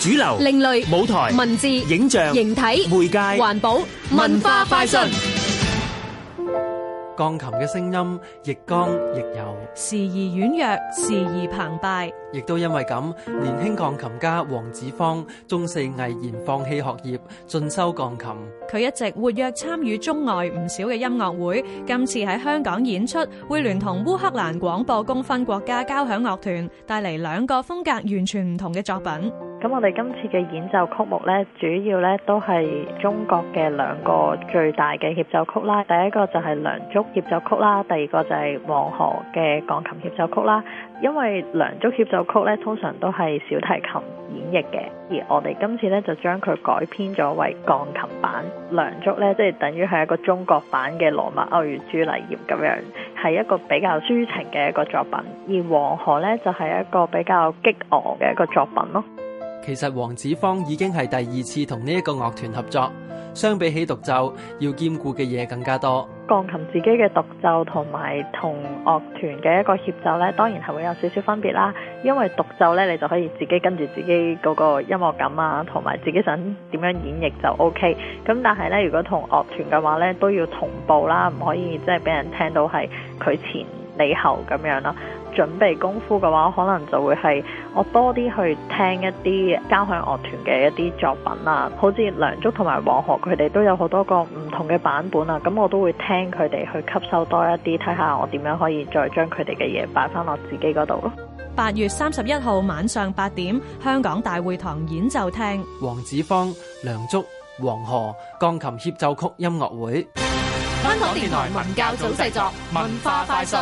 主流、另類舞台、文字、影像、形體、媒介、環保、文化快訊。鋼琴嘅聲音亦剛亦柔，時而婉約，時而澎湃。亦都因為咁，年輕鋼琴家黃子芳中四毅然放棄學業，進修鋼琴。佢一直活躍參與中外唔少嘅音樂會。今次喺香港演出，會聯同烏克蘭廣播公分國家交響樂團帶嚟兩個風格完全唔同嘅作品。咁我哋今次嘅演奏曲目咧，主要咧都係中國嘅兩個最大嘅協奏曲啦。第一個就係《梁祝》協奏曲啦，第二個就係《黃河》嘅鋼琴協奏曲啦。因為《梁祝》協奏曲咧，通常都係小提琴演繹嘅，而我哋今次咧就將佢改編咗為鋼琴版《梁祝》咧，即係等於係一個中國版嘅羅密歐與茱麗葉咁樣，係一個比較抒情嘅一個作品。而《黃河》咧就係一個比較激昂嘅一個作品咯。其實黃子芳已經係第二次同呢一個樂團合作，相比起獨奏，要兼顧嘅嘢更加多。鋼琴自己嘅獨奏同埋同樂團嘅一個協奏咧，當然係會有少少分別啦。因為獨奏咧，你就可以自己跟住自己嗰個音樂感啊，同埋自己想點樣演繹就 OK。咁但係咧，如果同樂團嘅話咧，都要同步啦，唔可以即係俾人聽到係佢前。背後咁樣啦，準備功夫嘅話，可能就會係我多啲去聽一啲交響樂團嘅一啲作品啊，好似梁祝同埋黃河，佢哋都有好多個唔同嘅版本啊，咁我都會聽佢哋去吸收多一啲，睇下我點樣可以再將佢哋嘅嘢擺翻落自己嗰度咯。八月三十一號晚上八點，香港大會堂演奏廳，黃子芳、梁祝、黃河鋼琴協奏曲，曲音樂會。香港電台文教組製作，文化快訊。